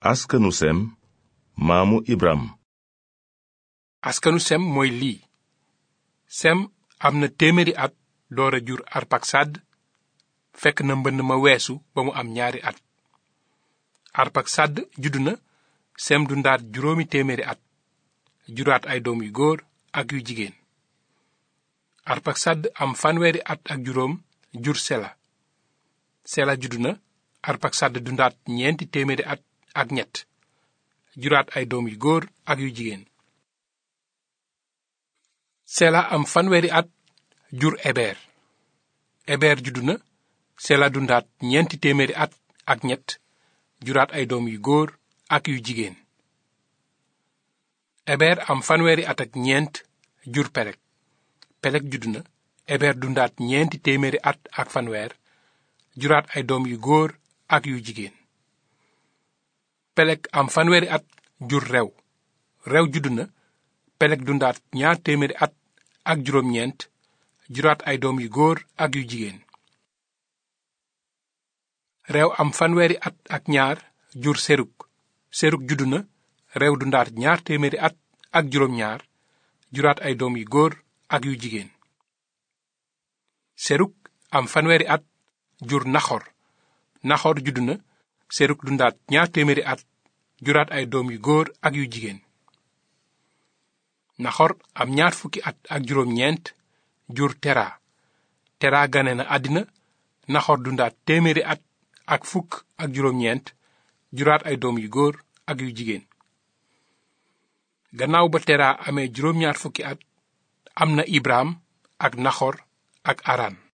askanu sem maamu ibram askanu sem mooy lii sem am na téeméeri at door a jur arpaksad fekk na mbënn ma weesu ba mu am ñaari at arpaksad juddu na sem dundaat juróomi téeméeri at juraat ay doom yu góor ak yu jigéen arpaksad am fanweeri at ak juróom jur sela sela juddu na arpaksad dundaat ñeenti téeméeri at ak ñett juraat ay doom yu góor ak yu jigéen sela am fanweeri at jur eber eber juddu na sela dundaat ñeenti téeméeri at ak ñett juraat ay doom yu góor ak yu jigéen eber am fanweeri at ak ñeent jur pelek pelek juddu na eber dundaat ñeenti téeméeri at ak fanweer juraat ay doom yu góor ak yu jigéen pelek am fanweeri at jur rew rew juddu na pelek dundaat ñaar at ak juróom juraat ay doom yu góor ak yu jigéen rew am fanweeri at ak ñaar jur seruk seruk juddu na rew dundaat ñaar téeméeri at ak juróom juraat ay doom yu góor ak yu jigéen seruk am fanweeri at jur naxor naxor juddu na seruk dundaat ñaar téeméeri at juraat ay doom yu góor ak yu jigéen naxor am ak juróom jur tera tera gane na àddina naxor dundaat téeméeri at ak fukk ak juróom ñeent juraat ay doom yu góor ak yu jigéen gannaaw ba tera amee juróom ñaar fukki at am na ibraam ak naxor ak araan